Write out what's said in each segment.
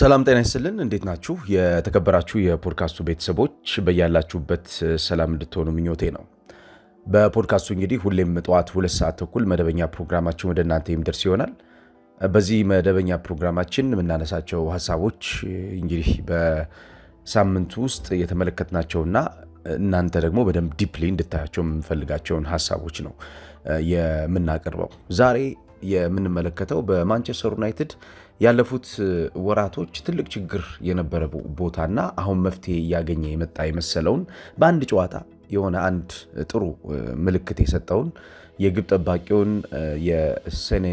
ሰላም ጤና ይስጥልን። እንዴት ናችሁ? የተከበራችሁ የፖድካስቱ ቤተሰቦች በያላችሁበት ሰላም እንድትሆኑ ምኞቴ ነው። በፖድካስቱ እንግዲህ ሁሌም ጠዋት ሁለት ሰዓት ተኩል መደበኛ ፕሮግራማችን ወደ እናንተ የሚደርስ ይሆናል። በዚህ መደበኛ ፕሮግራማችን የምናነሳቸው ሀሳቦች እንግዲህ በሳምንቱ ውስጥ የተመለከትናቸውና እናንተ ደግሞ በደንብ ዲፕሊ እንድታያቸው የምንፈልጋቸውን ሀሳቦች ነው የምናቀርበው። ዛሬ የምንመለከተው በማንቸስተር ዩናይትድ ያለፉት ወራቶች ትልቅ ችግር የነበረ ቦታና አሁን መፍትሄ እያገኘ የመጣ የመሰለውን በአንድ ጨዋታ የሆነ አንድ ጥሩ ምልክት የሰጠውን የግብ ጠባቂውን የሴኔ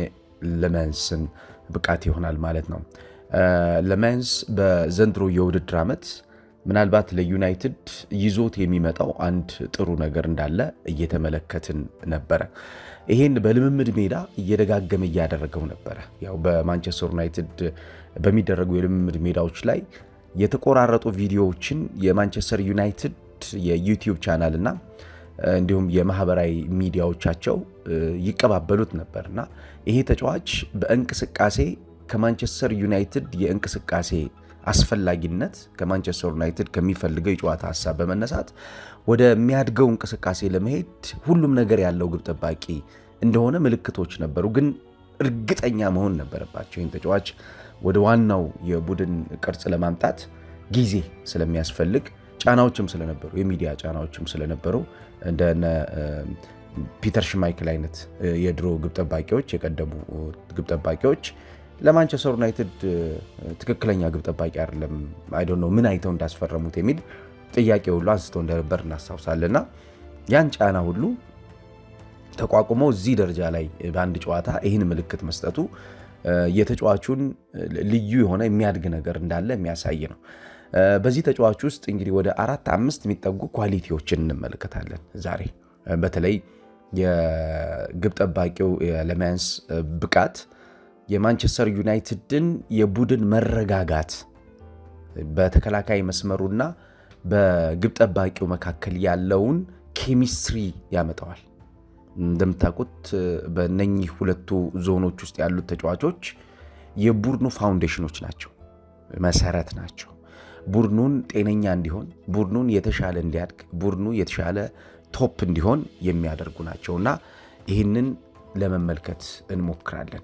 ለመንስን ብቃት ይሆናል ማለት ነው። ለመንስ በዘንድሮ የውድድር ዓመት ምናልባት ለዩናይትድ ይዞት የሚመጣው አንድ ጥሩ ነገር እንዳለ እየተመለከትን ነበረ። ይሄን በልምምድ ሜዳ እየደጋገመ እያደረገው ነበረ። ያው በማንቸስተር ዩናይትድ በሚደረጉ የልምምድ ሜዳዎች ላይ የተቆራረጡ ቪዲዮዎችን የማንቸስተር ዩናይትድ የዩቲዩብ ቻናል እና እንዲሁም የማህበራዊ ሚዲያዎቻቸው ይቀባበሉት ነበር እና ይሄ ተጫዋች በእንቅስቃሴ ከማንቸስተር ዩናይትድ የእንቅስቃሴ አስፈላጊነት ከማንቸስተር ዩናይትድ ከሚፈልገው የጨዋታ ሀሳብ በመነሳት ወደሚያድገው እንቅስቃሴ ለመሄድ ሁሉም ነገር ያለው ግብ ጠባቂ እንደሆነ ምልክቶች ነበሩ፣ ግን እርግጠኛ መሆን ነበረባቸው። ይህን ተጫዋች ወደ ዋናው የቡድን ቅርጽ ለማምጣት ጊዜ ስለሚያስፈልግ ጫናዎችም ስለነበሩ የሚዲያ ጫናዎችም ስለነበሩ እንደነ ፒተር ሽማይክል አይነት የድሮ ግብ ጠባቂዎች የቀደሙ ግብ ጠባቂዎች ለማንቸስተር ዩናይትድ ትክክለኛ ግብ ጠባቂ አይደለም፣ አይዶን ነው ምን አይተው እንዳስፈረሙት የሚል ጥያቄ ሁሉ አንስተው እንደነበር እናስታውሳለን። ያን ጫና ሁሉ ተቋቁሞ እዚህ ደረጃ ላይ በአንድ ጨዋታ ይህን ምልክት መስጠቱ የተጫዋቹን ልዩ የሆነ የሚያድግ ነገር እንዳለ የሚያሳይ ነው። በዚህ ተጫዋች ውስጥ እንግዲህ ወደ አራት አምስት የሚጠጉ ኳሊቲዎችን እንመለከታለን ዛሬ በተለይ የግብ ጠባቂው የለማያንስ ብቃት የማንቸስተር ዩናይትድን የቡድን መረጋጋት በተከላካይ መስመሩና በግብ ጠባቂው መካከል ያለውን ኬሚስትሪ ያመጣዋል። እንደምታውቁት በነኚህ ሁለቱ ዞኖች ውስጥ ያሉት ተጫዋቾች የቡድኑ ፋውንዴሽኖች ናቸው፣ መሰረት ናቸው። ቡድኑን ጤነኛ እንዲሆን፣ ቡድኑን የተሻለ እንዲያድግ፣ ቡድኑ የተሻለ ቶፕ እንዲሆን የሚያደርጉ ናቸው እና ይህንን ለመመልከት እንሞክራለን።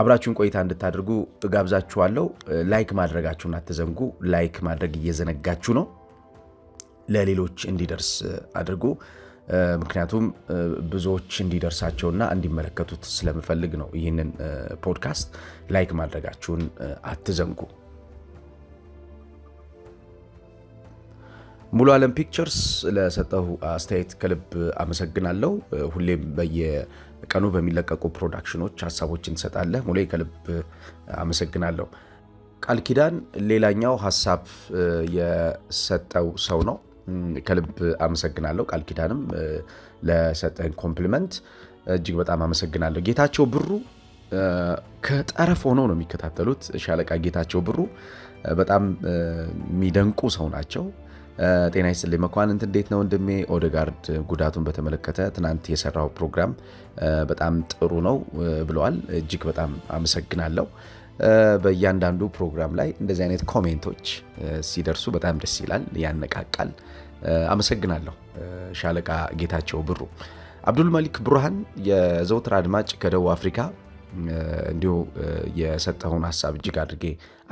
አብራችሁን ቆይታ እንድታደርጉ እጋብዛችኋለሁ። ላይክ ማድረጋችሁን አትዘንጉ። ላይክ ማድረግ እየዘነጋችሁ ነው፣ ለሌሎች እንዲደርስ አድርጉ። ምክንያቱም ብዙዎች እንዲደርሳቸውና እንዲመለከቱት ስለምፈልግ ነው። ይህንን ፖድካስት ላይክ ማድረጋችሁን አትዘንጉ። ሙሉ ዓለም ፒክቸርስ ለሰጠው አስተያየት ከልብ አመሰግናለሁ። ሁሌም በየ በየቀኑ በሚለቀቁ ፕሮዳክሽኖች ሀሳቦች ትሰጣለህ። ሙሌ ከልብ አመሰግናለሁ። ቃል ኪዳን ሌላኛው ሀሳብ የሰጠው ሰው ነው። ከልብ አመሰግናለሁ። ቃል ኪዳንም ለሰጠን ኮምፕሊመንት እጅግ በጣም አመሰግናለሁ። ጌታቸው ብሩ ከጠረፍ ሆነው ነው የሚከታተሉት። ሻለቃ ጌታቸው ብሩ በጣም የሚደንቁ ሰው ናቸው። ጤና ይስጥልኝ መኳንንት፣ እንዴት ነው ወንድሜ? ኦደጋርድ ጉዳቱን በተመለከተ ትናንት የሰራው ፕሮግራም በጣም ጥሩ ነው ብለዋል። እጅግ በጣም አመሰግናለሁ። በእያንዳንዱ ፕሮግራም ላይ እንደዚህ አይነት ኮሜንቶች ሲደርሱ በጣም ደስ ይላል፣ ያነቃቃል። አመሰግናለሁ ሻለቃ ጌታቸው ብሩ። አብዱል መሊክ ብርሃን የዘውትር አድማጭ ከደቡብ አፍሪካ እንዲሁ የሰጠውን ሀሳብ እጅግ አድርጌ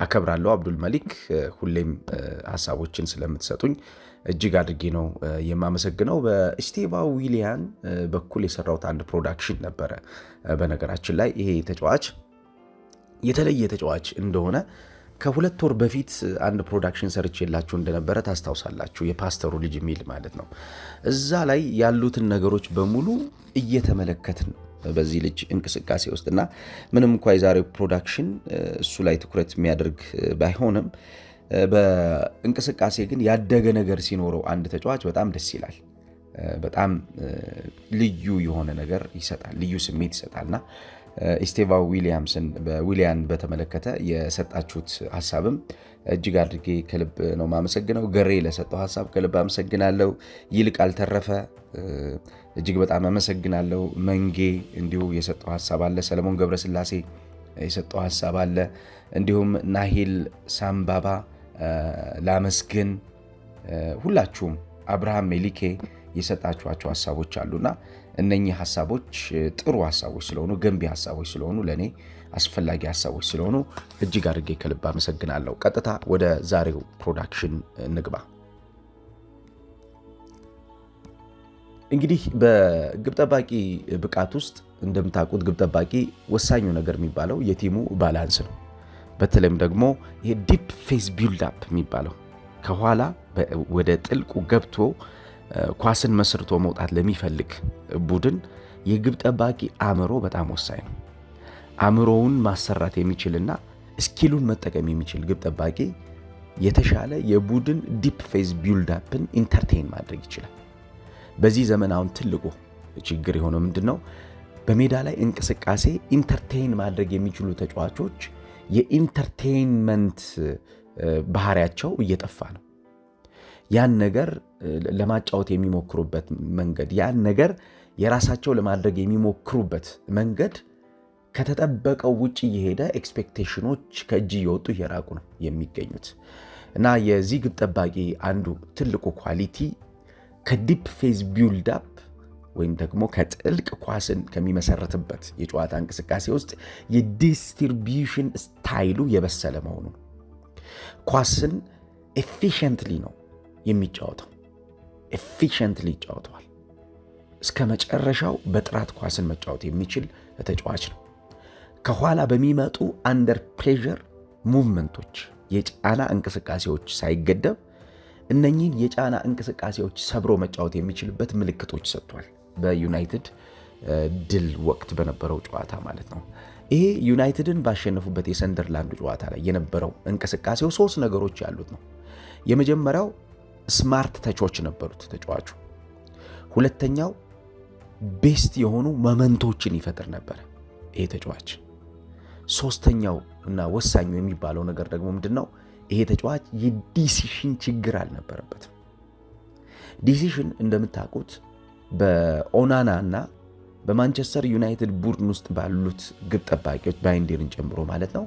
አከብራለሁ። አብዱል መሊክ ሁሌም ሀሳቦችን ስለምትሰጡኝ እጅግ አድርጌ ነው የማመሰግነው። በስቴቫ ዊሊያን በኩል የሰራሁት አንድ ፕሮዳክሽን ነበረ። በነገራችን ላይ ይሄ ተጫዋች የተለየ ተጫዋች እንደሆነ ከሁለት ወር በፊት አንድ ፕሮዳክሽን ሰርች የላችሁ እንደነበረ ታስታውሳላችሁ። የፓስተሩ ልጅ የሚል ማለት ነው። እዛ ላይ ያሉትን ነገሮች በሙሉ እየተመለከትን ነው በዚህ ልጅ እንቅስቃሴ ውስጥ እና ምንም እንኳ የዛሬው ፕሮዳክሽን እሱ ላይ ትኩረት የሚያደርግ ባይሆንም በእንቅስቃሴ ግን ያደገ ነገር ሲኖረው አንድ ተጫዋች በጣም ደስ ይላል። በጣም ልዩ የሆነ ነገር ይሰጣል፣ ልዩ ስሜት ይሰጣልና ኢስቴቫ ዊሊያምስን በዊሊያን በተመለከተ የሰጣችሁት ሀሳብም እጅግ አድርጌ ከልብ ነው ማመሰግነው። ገሬ ለሰጠው ሀሳብ ከልብ አመሰግናለሁ። ይልቅ አልተረፈ እጅግ በጣም አመሰግናለሁ። መንጌ እንዲሁ የሰጠው ሀሳብ አለ። ሰለሞን ገብረስላሴ የሰጠው ሀሳብ አለ። እንዲሁም ናሂል ሳምባባ ላመስግን። ሁላችሁም አብርሃም ሜሊኬ የሰጣችኋቸው ሀሳቦች አሉና እነኚህ ሀሳቦች ጥሩ ሀሳቦች ስለሆኑ ገንቢ ሀሳቦች ስለሆኑ ለእኔ አስፈላጊ ሀሳቦች ስለሆኑ እጅግ አድርጌ ከልብ አመሰግናለሁ። ቀጥታ ወደ ዛሬው ፕሮዳክሽን እንግባ። እንግዲህ በግብ ጠባቂ ብቃት ውስጥ እንደምታውቁት ግብ ጠባቂ ወሳኙ ነገር የሚባለው የቲሙ ባላንስ ነው። በተለይም ደግሞ ይሄ ዲፕ ፌስ ቢልድ አፕ የሚባለው ከኋላ ወደ ጥልቁ ገብቶ ኳስን መስርቶ መውጣት ለሚፈልግ ቡድን የግብ ጠባቂ አእምሮ በጣም ወሳኝ ነው። አእምሮውን ማሰራት የሚችልና ስኪሉን መጠቀም የሚችል ግብ ጠባቂ የተሻለ የቡድን ዲፕ ፌዝ ቢልዳፕን ኢንተርቴን ማድረግ ይችላል። በዚህ ዘመን አሁን ትልቁ ችግር የሆነው ምንድን ነው? በሜዳ ላይ እንቅስቃሴ ኢንተርቴን ማድረግ የሚችሉ ተጫዋቾች የኢንተርቴንመንት ባህሪያቸው እየጠፋ ነው። ያን ነገር ለማጫወት የሚሞክሩበት መንገድ፣ ያን ነገር የራሳቸው ለማድረግ የሚሞክሩበት መንገድ ከተጠበቀው ውጭ እየሄደ ኤክስፔክቴሽኖች ከእጅ እየወጡ እየራቁ ነው የሚገኙት እና የዚህ ግብ ጠባቂ አንዱ ትልቁ ኳሊቲ ከዲፕ ፌዝ ቢውልድ አፕ ወይም ደግሞ ከጥልቅ ኳስን ከሚመሰረትበት የጨዋታ እንቅስቃሴ ውስጥ የዲስትሪቢዩሽን ስታይሉ የበሰለ መሆኑ ኳስን ኤፊሽንትሊ ነው የሚጫወተው ኤፊሽንትሊ ይጫወተዋል። እስከ መጨረሻው በጥራት ኳስን መጫወት የሚችል ተጫዋች ነው። ከኋላ በሚመጡ አንደር ፕሬዠር ሙቭመንቶች፣ የጫና እንቅስቃሴዎች ሳይገደብ እነኚህን የጫና እንቅስቃሴዎች ሰብሮ መጫወት የሚችልበት ምልክቶች ሰጥቷል። በዩናይትድ uh, ድል ወቅት በነበረው ጨዋታ ማለት ነው። ይሄ ዩናይትድን ባሸነፉበት የሰንደርላንዱ ጨዋታ ላይ የነበረው እንቅስቃሴው ሶስት ነገሮች ያሉት ነው። የመጀመሪያው ስማርት ተቾች ነበሩት ተጫዋቹ። ሁለተኛው ቤስት የሆኑ መመንቶችን ይፈጥር ነበር ይሄ ተጫዋች። ሶስተኛው እና ወሳኙ የሚባለው ነገር ደግሞ ምንድን ነው? ይሄ ተጫዋች የዲሲሽን ችግር አልነበረበትም። ዲሲሽን እንደምታውቁት በኦናና እና በማንቸስተር ዩናይትድ ቡድን ውስጥ ባሉት ግብ ጠባቂዎች ባይንዴርን ጨምሮ ማለት ነው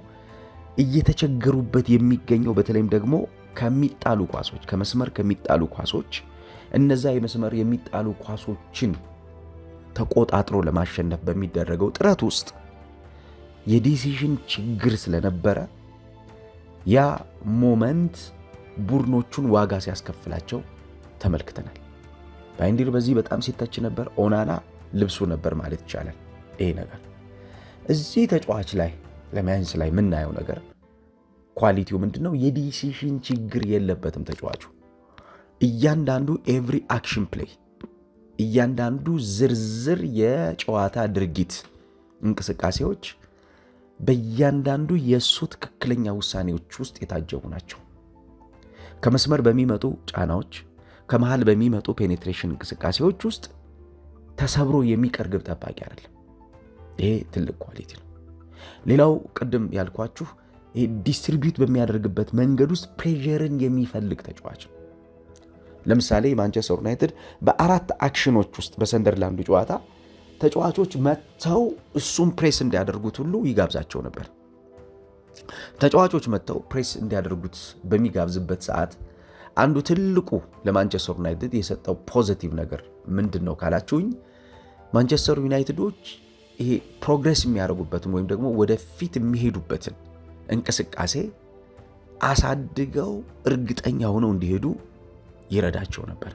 እየተቸገሩበት የሚገኘው በተለይም ደግሞ ከሚጣሉ ኳሶች ከመስመር ከሚጣሉ ኳሶች እነዛ የመስመር የሚጣሉ ኳሶችን ተቆጣጥሮ ለማሸነፍ በሚደረገው ጥረት ውስጥ የዲሲዥን ችግር ስለነበረ ያ ሞመንት ቡድኖቹን ዋጋ ሲያስከፍላቸው ተመልክተናል። ባይንዲር በዚህ በጣም ሲተች ነበር። ኦናና ልብሱ ነበር ማለት ይቻላል። ይሄ ነገር እዚህ ተጫዋች ላይ ለማያንስ ላይ የምናየው ነገር ኳሊቲው ምንድን ነው? የዲሲሽን ችግር የለበትም ተጫዋቹ። እያንዳንዱ ኤቭሪ አክሽን ፕሌይ፣ እያንዳንዱ ዝርዝር የጨዋታ ድርጊት እንቅስቃሴዎች በእያንዳንዱ የእሱ ትክክለኛ ውሳኔዎች ውስጥ የታጀቡ ናቸው። ከመስመር በሚመጡ ጫናዎች፣ ከመሃል በሚመጡ ፔኔትሬሽን እንቅስቃሴዎች ውስጥ ተሰብሮ የሚቀር ግብ ጠባቂ አይደለም። ይሄ ትልቅ ኳሊቲ ነው። ሌላው ቅድም ያልኳችሁ ዲስትሪቢዩት በሚያደርግበት መንገድ ውስጥ ፕሬርን የሚፈልግ ተጫዋች ነው። ለምሳሌ ማንቸስተር ዩናይትድ በአራት አክሽኖች ውስጥ በሰንደርላንዱ ጨዋታ ተጫዋቾች መጥተው እሱም ፕሬስ እንዲያደርጉት ሁሉ ይጋብዛቸው ነበር። ተጫዋቾች መጥተው ፕሬስ እንዲያደርጉት በሚጋብዝበት ሰዓት አንዱ ትልቁ ለማንቸስተር ዩናይትድ የሰጠው ፖዘቲቭ ነገር ምንድን ነው ካላችሁኝ፣ ማንቸስተር ዩናይትዶች ይሄ ፕሮግረስ የሚያደርጉበትን ወይም ደግሞ ወደፊት የሚሄዱበትን እንቅስቃሴ አሳድገው እርግጠኛ ሆነው እንዲሄዱ ይረዳቸው ነበር።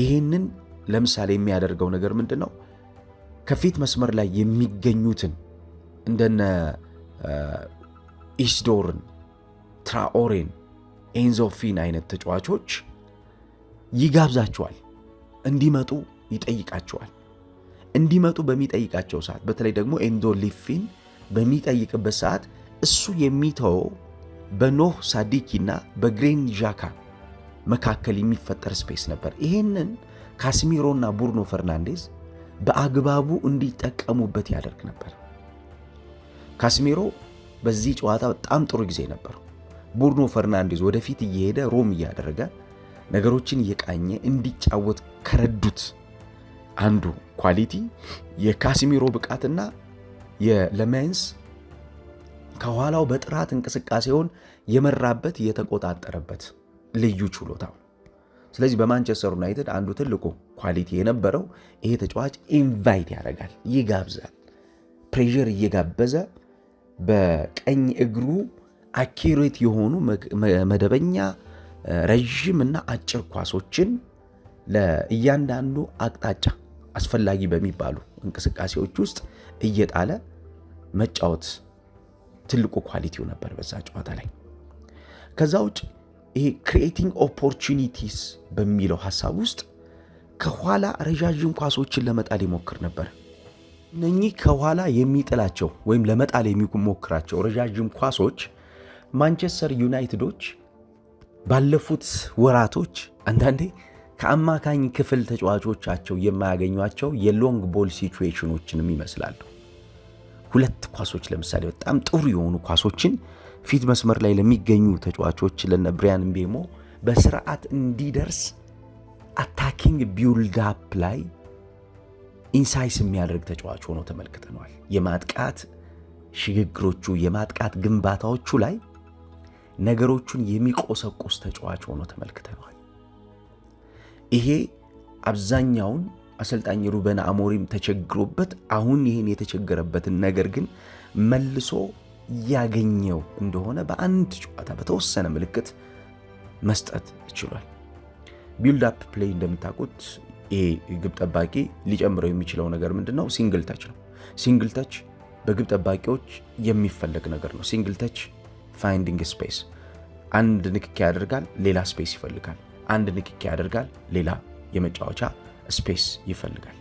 ይህንን ለምሳሌ የሚያደርገው ነገር ምንድን ነው? ከፊት መስመር ላይ የሚገኙትን እንደነ ኢስዶርን፣ ትራኦሬን፣ ኤንዞፊን አይነት ተጫዋቾች ይጋብዛቸዋል። እንዲመጡ ይጠይቃቸዋል። እንዲመጡ በሚጠይቃቸው ሰዓት በተለይ ደግሞ ኤንዶሊፊን በሚጠይቅበት ሰዓት እሱ የሚተወው በኖህ ሳዲኪና በግሬን ዣካ መካከል የሚፈጠር ስፔስ ነበር። ይሄንን ካስሚሮና ቡርኖ ፈርናንዴዝ በአግባቡ እንዲጠቀሙበት ያደርግ ነበር። ካስሚሮ በዚህ ጨዋታ በጣም ጥሩ ጊዜ ነበር። ቡርኖ ፈርናንዴዝ ወደፊት እየሄደ ሮም እያደረገ ነገሮችን እየቃኘ እንዲጫወት ከረዱት አንዱ ኳሊቲ የካስሚሮ ብቃትና የለሜንስ ከኋላው በጥራት እንቅስቃሴውን የመራበት የተቆጣጠረበት ልዩ ችሎታው። ስለዚህ በማንቸስተር ዩናይትድ አንዱ ትልቁ ኳሊቲ የነበረው ይሄ ተጫዋች ኢንቫይት ያደርጋል፣ ይጋብዛል። ፕሬር እየጋበዘ በቀኝ እግሩ አኪሬት የሆኑ መደበኛ ረዥም እና አጭር ኳሶችን ለእያንዳንዱ አቅጣጫ አስፈላጊ በሚባሉ እንቅስቃሴዎች ውስጥ እየጣለ መጫወት ትልቁ ኳሊቲው ነበር በዛ ጨዋታ ላይ። ከዛ ውጭ ይሄ ክሪኤቲንግ ኦፖርቹኒቲስ በሚለው ሀሳብ ውስጥ ከኋላ ረዣዥም ኳሶችን ለመጣል ይሞክር ነበር። እነኚህ ከኋላ የሚጥላቸው ወይም ለመጣል የሚሞክራቸው ረዣዥም ኳሶች ማንቸስተር ዩናይትዶች ባለፉት ወራቶች አንዳንዴ ከአማካኝ ክፍል ተጫዋቾቻቸው የማያገኟቸው የሎንግ ቦል ሲትዌሽኖችንም ይመስላሉ። ሁለት ኳሶች ለምሳሌ በጣም ጥሩ የሆኑ ኳሶችን ፊት መስመር ላይ ለሚገኙ ተጫዋቾች ለነ ብሪያን ምቤሞ በስርዓት እንዲደርስ አታኪንግ ቢውልድ አፕ ላይ ኢንሳይስ የሚያደርግ ተጫዋች ሆኖ ተመልክተነዋል። የማጥቃት ሽግግሮቹ፣ የማጥቃት ግንባታዎቹ ላይ ነገሮቹን የሚቆሰቁስ ተጫዋች ሆኖ ተመልክተነዋል። ይሄ አብዛኛውን አሰልጣኝ ሩበን አሞሪም ተቸግሮበት አሁን ይህን የተቸገረበትን ነገር ግን መልሶ ያገኘው እንደሆነ በአንድ ጨዋታ በተወሰነ ምልክት መስጠት ችሏል። ቢልድ አፕ ፕሌይ እንደምታውቁት ይሄ ግብ ጠባቂ ሊጨምረው የሚችለው ነገር ምንድን ነው? ሲንግል ተች ነው። ሲንግል ተች በግብ ጠባቂዎች የሚፈለግ ነገር ነው። ሲንግል ተች ፋይንዲንግ ስፔስ፣ አንድ ንክኪ ያደርጋል፣ ሌላ ስፔስ ይፈልጋል። አንድ ንክኪ ያደርጋል፣ ሌላ የመጫወቻ ስፔስ ይፈልጋል።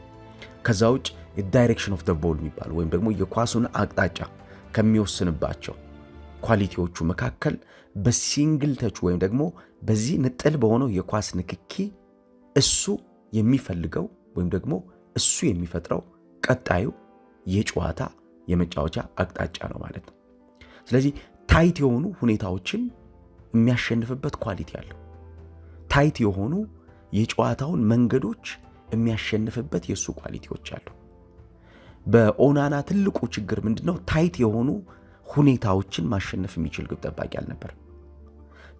ከዛ ውጭ ዳይሬክሽን ኦፍ ደ ቦል የሚባል ወይም ደግሞ የኳሱን አቅጣጫ ከሚወስንባቸው ኳሊቲዎቹ መካከል በሲንግል ተች ወይም ደግሞ በዚህ ንጥል በሆነው የኳስ ንክኪ እሱ የሚፈልገው ወይም ደግሞ እሱ የሚፈጥረው ቀጣዩ የጨዋታ የመጫወቻ አቅጣጫ ነው ማለት ነው። ስለዚህ ታይት የሆኑ ሁኔታዎችን የሚያሸንፍበት ኳሊቲ አለው። ታይት የሆኑ የጨዋታውን መንገዶች የሚያሸንፍበት የእሱ ኳሊቲዎች አሉ። በኦናና ትልቁ ችግር ምንድነው? ታይት የሆኑ ሁኔታዎችን ማሸነፍ የሚችል ግብ ጠባቂ ነበር።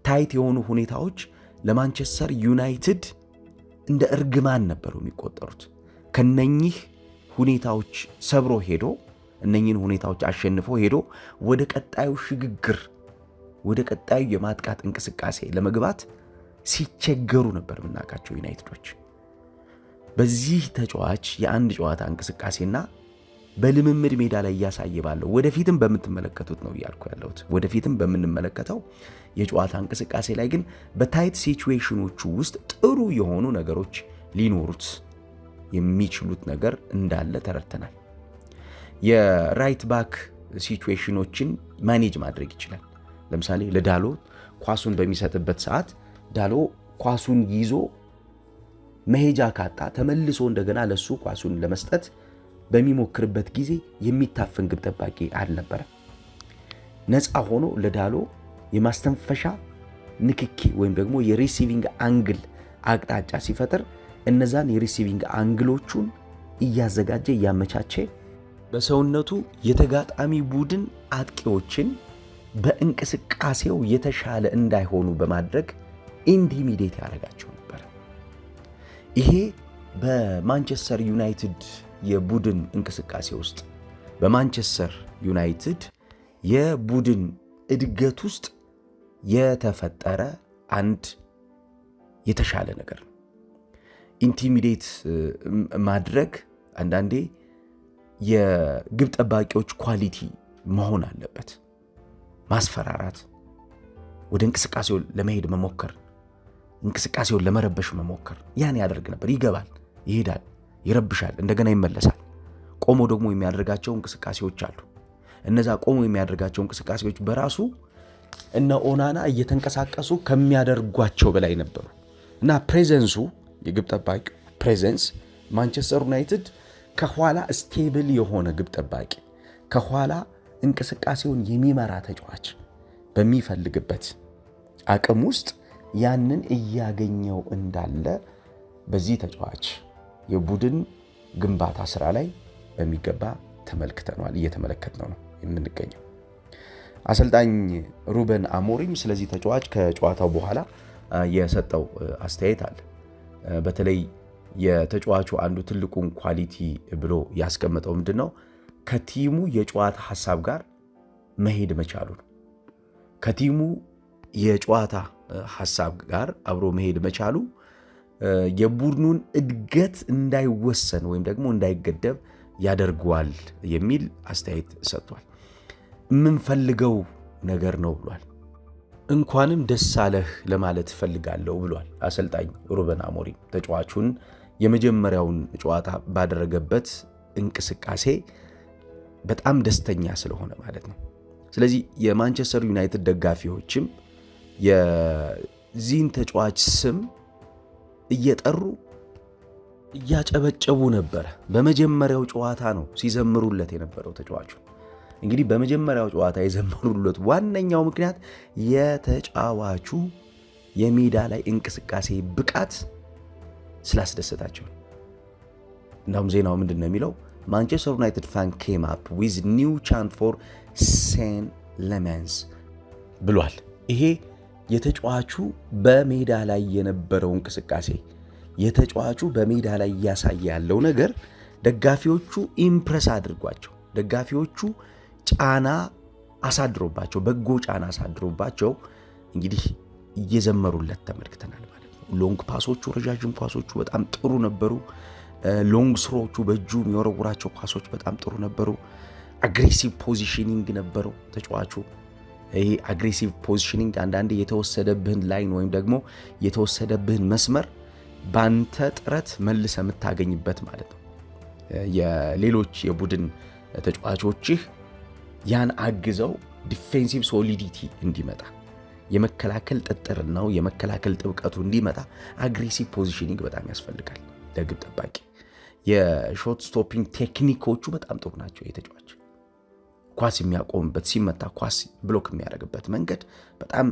ታይት የሆኑ ሁኔታዎች ለማንቸስተር ዩናይትድ እንደ እርግማን ነበሩ የሚቆጠሩት። ከነኚህ ሁኔታዎች ሰብሮ ሄዶ እነኚህን ሁኔታዎች አሸንፎ ሄዶ ወደ ቀጣዩ ሽግግር ወደ ቀጣዩ የማጥቃት እንቅስቃሴ ለመግባት ሲቸገሩ ነበር የምናውቃቸው ዩናይትዶች። በዚህ ተጫዋች የአንድ ጨዋታ እንቅስቃሴና በልምምድ ሜዳ ላይ እያሳየ ባለው ወደፊትም በምትመለከቱት ነው እያልኩ ያለሁት ወደፊትም በምንመለከተው የጨዋታ እንቅስቃሴ ላይ ግን በታይት ሲቹዌሽኖቹ ውስጥ ጥሩ የሆኑ ነገሮች ሊኖሩት የሚችሉት ነገር እንዳለ ተረድተናል። የራይት ባክ ሲቹዌሽኖችን ማኔጅ ማድረግ ይችላል። ለምሳሌ ለዳሎ ኳሱን በሚሰጥበት ሰዓት ዳሎ ኳሱን ይዞ መሄጃ ካጣ ተመልሶ እንደገና ለሱ ኳሱን ለመስጠት በሚሞክርበት ጊዜ የሚታፈን ግብ ጠባቂ አልነበረ። ነፃ ሆኖ ለዳሎ የማስተንፈሻ ንክኪ ወይም ደግሞ የሪሲቪንግ አንግል አቅጣጫ ሲፈጥር እነዛን የሪሲቪንግ አንግሎቹን እያዘጋጀ እያመቻቸ በሰውነቱ የተጋጣሚ ቡድን አጥቂዎችን በእንቅስቃሴው የተሻለ እንዳይሆኑ በማድረግ ኢንቲሚዴት ያደረጋቸው ይሄ በማንቸስተር ዩናይትድ የቡድን እንቅስቃሴ ውስጥ በማንቸስተር ዩናይትድ የቡድን እድገት ውስጥ የተፈጠረ አንድ የተሻለ ነገር ነው። ኢንቲሚዴት ማድረግ አንዳንዴ የግብ ጠባቂዎች ኳሊቲ መሆን አለበት። ማስፈራራት፣ ወደ እንቅስቃሴው ለመሄድ መሞከር እንቅስቃሴውን ለመረበሽ መሞከር ያን ያደርግ ነበር። ይገባል፣ ይሄዳል፣ ይረብሻል፣ እንደገና ይመለሳል። ቆሞ ደግሞ የሚያደርጋቸው እንቅስቃሴዎች አሉ። እነዛ ቆሞ የሚያደርጋቸው እንቅስቃሴዎች በራሱ እነ ኦናና እየተንቀሳቀሱ ከሚያደርጓቸው በላይ ነበሩ እና ፕሬዘንሱ የግብ ጠባቂ ፕሬዘንስ ማንቸስተር ዩናይትድ ከኋላ ስቴብል የሆነ ግብ ጠባቂ ከኋላ እንቅስቃሴውን የሚመራ ተጫዋች በሚፈልግበት አቅም ውስጥ ያንን እያገኘው እንዳለ በዚህ ተጫዋች የቡድን ግንባታ ስራ ላይ በሚገባ ተመልክተነዋል፣ እየተመለከትነው ነው የምንገኘው። አሰልጣኝ ሩበን አሞሪም ስለዚህ ተጫዋች ከጨዋታው በኋላ የሰጠው አስተያየት አለ። በተለይ የተጫዋቹ አንዱ ትልቁን ኳሊቲ ብሎ ያስቀመጠው ምንድን ነው? ከቲሙ የጨዋታ ሀሳብ ጋር መሄድ መቻሉ ነው። ከቲሙ የጨዋታ ሀሳብ ጋር አብሮ መሄድ መቻሉ የቡድኑን እድገት እንዳይወሰን ወይም ደግሞ እንዳይገደብ ያደርገዋል የሚል አስተያየት ሰጥቷል። የምንፈልገው ነገር ነው ብሏል። እንኳንም ደስ አለህ ለማለት እፈልጋለሁ ብሏል አሰልጣኝ ሩበን አሞሪም ተጫዋቹን የመጀመሪያውን ጨዋታ ባደረገበት እንቅስቃሴ በጣም ደስተኛ ስለሆነ ማለት ነው። ስለዚህ የማንቸስተር ዩናይትድ ደጋፊዎችም የዚህን ተጫዋች ስም እየጠሩ እያጨበጨቡ ነበረ። በመጀመሪያው ጨዋታ ነው ሲዘምሩለት የነበረው ተጫዋቹ። እንግዲህ በመጀመሪያው ጨዋታ የዘመሩለት ዋነኛው ምክንያት የተጫዋቹ የሜዳ ላይ እንቅስቃሴ ብቃት ስላስደሰታቸው። እንዳውም ዜናው ምንድን ነው የሚለው? ማንቸስተር ዩናይትድ ፋን ኬም አፕ ዊዝ ኒው ቻንት ፎር ሴን ለመንስ ብሏል። ይሄ የተጫዋቹ በሜዳ ላይ የነበረው እንቅስቃሴ የተጫዋቹ በሜዳ ላይ እያሳየ ያለው ነገር ደጋፊዎቹ ኢምፕረስ አድርጓቸው፣ ደጋፊዎቹ ጫና አሳድሮባቸው፣ በጎ ጫና አሳድሮባቸው እንግዲህ እየዘመሩለት ተመልክተናል ማለት ነው። ሎንግ ፓሶቹ፣ ረዣዥም ኳሶቹ በጣም ጥሩ ነበሩ። ሎንግ ስሮቹ፣ በእጁ የሚወረውራቸው ኳሶች በጣም ጥሩ ነበሩ። አግሬሲቭ ፖዚሽኒንግ ነበረው ተጫዋቹ። ይሄ አግሬሲቭ ፖዚሽኒንግ አንዳንዴ የተወሰደብህን ላይን ወይም ደግሞ የተወሰደብህን መስመር ባንተ ጥረት መልሰ የምታገኝበት ማለት ነው። የሌሎች የቡድን ተጫዋቾችህ ያን አግዘው ዲፌንሲቭ ሶሊዲቲ እንዲመጣ የመከላከል ጥጥርናው የመከላከል ጥብቀቱ እንዲመጣ አግሬሲቭ ፖዚሽኒንግ በጣም ያስፈልጋል። ለግብ ጠባቂ የሾት ስቶፒንግ ቴክኒኮቹ በጣም ጥሩ ናቸው የተጫዋች ኳስ የሚያቆምበት ሲመታ ኳስ ብሎክ የሚያደርግበት መንገድ በጣም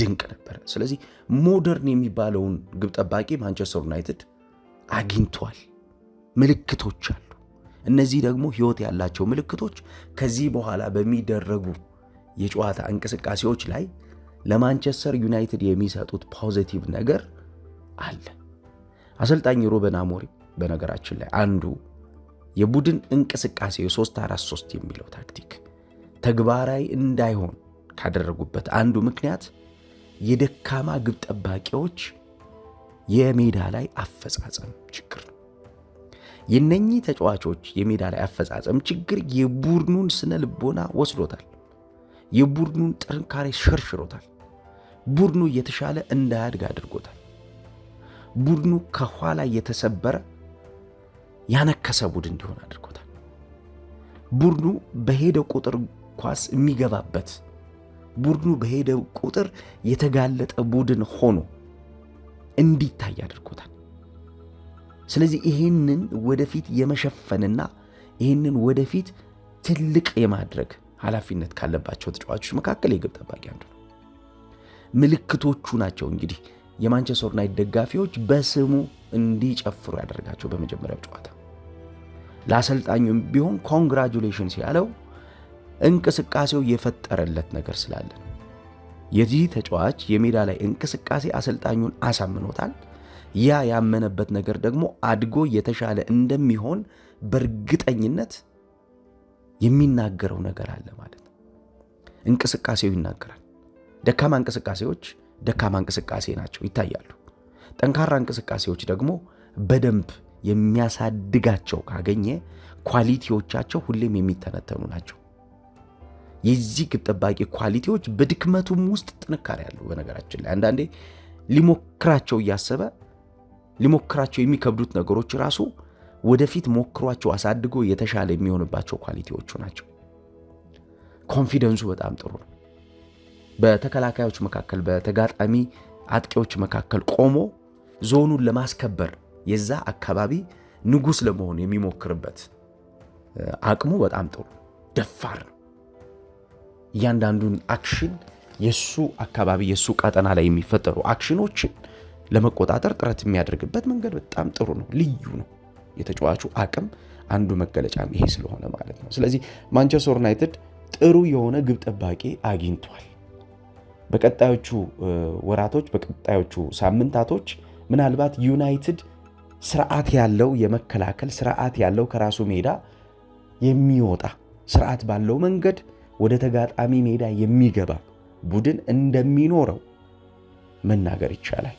ድንቅ ነበር። ስለዚህ ሞደርን የሚባለውን ግብ ጠባቂ ማንቸስተር ዩናይትድ አግኝቷል። ምልክቶች አሉ። እነዚህ ደግሞ ህይወት ያላቸው ምልክቶች ከዚህ በኋላ በሚደረጉ የጨዋታ እንቅስቃሴዎች ላይ ለማንቸስተር ዩናይትድ የሚሰጡት ፖዚቲቭ ነገር አለ። አሰልጣኝ ሩበን አሞሪም በነገራችን ላይ አንዱ የቡድን እንቅስቃሴ የሶስት አራት ሶስት የሚለው ታክቲክ ተግባራዊ እንዳይሆን ካደረጉበት አንዱ ምክንያት የደካማ ግብ ጠባቂዎች የሜዳ ላይ አፈጻጸም ችግር ነው። የነኚህ ተጫዋቾች የሜዳ ላይ አፈጻጸም ችግር የቡድኑን ስነ ልቦና ወስዶታል። የቡድኑን ጥንካሬ ሸርሽሮታል። ቡድኑ የተሻለ እንዳያድግ አድርጎታል። ቡድኑ ከኋላ የተሰበረ ያነከሰ ቡድን እንዲሆን አድርጎታል። ቡድኑ በሄደ ቁጥር ኳስ የሚገባበት ቡድኑ በሄደ ቁጥር የተጋለጠ ቡድን ሆኖ እንዲታይ አድርጎታል። ስለዚህ ይህንን ወደፊት የመሸፈንና ይህንን ወደፊት ትልቅ የማድረግ ኃላፊነት ካለባቸው ተጫዋቾች መካከል የግብ ጠባቂ አንዱ ነው። ምልክቶቹ ናቸው እንግዲህ የማንቸስተር ዩናይትድ ደጋፊዎች በስሙ እንዲጨፍሩ ያደርጋቸው በመጀመሪያው ጨዋታ ለአሰልጣኙም ቢሆን ኮንግራጁሌሽንስ ያለው እንቅስቃሴው የፈጠረለት ነገር ስላለ የዚህ ተጫዋች የሜዳ ላይ እንቅስቃሴ አሰልጣኙን አሳምኖታል። ያ ያመነበት ነገር ደግሞ አድጎ የተሻለ እንደሚሆን በእርግጠኝነት የሚናገረው ነገር አለ ማለት ነው። እንቅስቃሴው ይናገራል። ደካማ እንቅስቃሴዎች ደካማ እንቅስቃሴ ናቸው ይታያሉ። ጠንካራ እንቅስቃሴዎች ደግሞ በደንብ የሚያሳድጋቸው ካገኘ ኳሊቲዎቻቸው ሁሌም የሚተነተኑ ናቸው። የዚህ ግብ ጠባቂ ኳሊቲዎች በድክመቱም ውስጥ ጥንካሬ ያለው በነገራችን ላይ አንዳንዴ ሊሞክራቸው እያሰበ ሊሞክራቸው የሚከብዱት ነገሮች ራሱ ወደፊት ሞክሯቸው አሳድጎ የተሻለ የሚሆንባቸው ኳሊቲዎቹ ናቸው። ኮንፊደንሱ በጣም ጥሩ ነው። በተከላካዮች መካከል፣ በተጋጣሚ አጥቂዎች መካከል ቆሞ ዞኑን ለማስከበር የዛ አካባቢ ንጉሥ ለመሆን የሚሞክርበት አቅሙ በጣም ጥሩ ደፋር ነው። እያንዳንዱን አክሽን የእሱ አካባቢ የእሱ ቀጠና ላይ የሚፈጠሩ አክሽኖችን ለመቆጣጠር ጥረት የሚያደርግበት መንገድ በጣም ጥሩ ነው፣ ልዩ ነው። የተጫዋቹ አቅም አንዱ መገለጫም ይሄ ስለሆነ ማለት ነው። ስለዚህ ማንቸስተር ዩናይትድ ጥሩ የሆነ ግብ ጠባቂ አግኝቷል። በቀጣዮቹ ወራቶች፣ በቀጣዮቹ ሳምንታቶች ምናልባት ዩናይትድ ስርዓት ያለው የመከላከል ስርዓት ያለው ከራሱ ሜዳ የሚወጣ ስርዓት ባለው መንገድ ወደ ተጋጣሚ ሜዳ የሚገባ ቡድን እንደሚኖረው መናገር ይቻላል።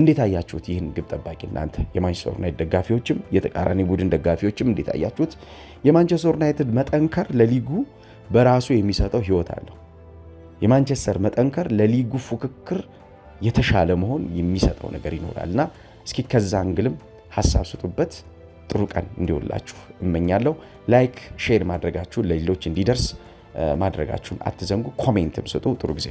እንዴት አያችሁት ይህን ግብ ጠባቂ እናንተ የማንቸስተር ዩናይትድ ደጋፊዎችም የተቃራኒ ቡድን ደጋፊዎችም እንዴት አያችሁት? የማንቸስተር ዩናይትድ መጠንከር ለሊጉ በራሱ የሚሰጠው ህይወት አለው። የማንቸስተር መጠንከር ለሊጉ ፉክክር የተሻለ መሆን የሚሰጠው ነገር ይኖራልና እስኪ ከዛ እንግልም ሀሳብ ስጡበት። ጥሩ ቀን እንዲውላችሁ እመኛለሁ። ላይክ፣ ሼር ማድረጋችሁን ለሌሎች እንዲደርስ ማድረጋችሁን አትዘንጉ። ኮሜንትም ስጡ። ጥሩ ጊዜ